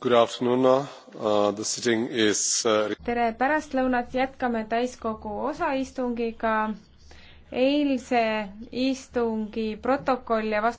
Uh, uh, uh, tere pärastlõunat, jätkame täiskogu osaistungiga. eilse istungi protokoll ja vastu-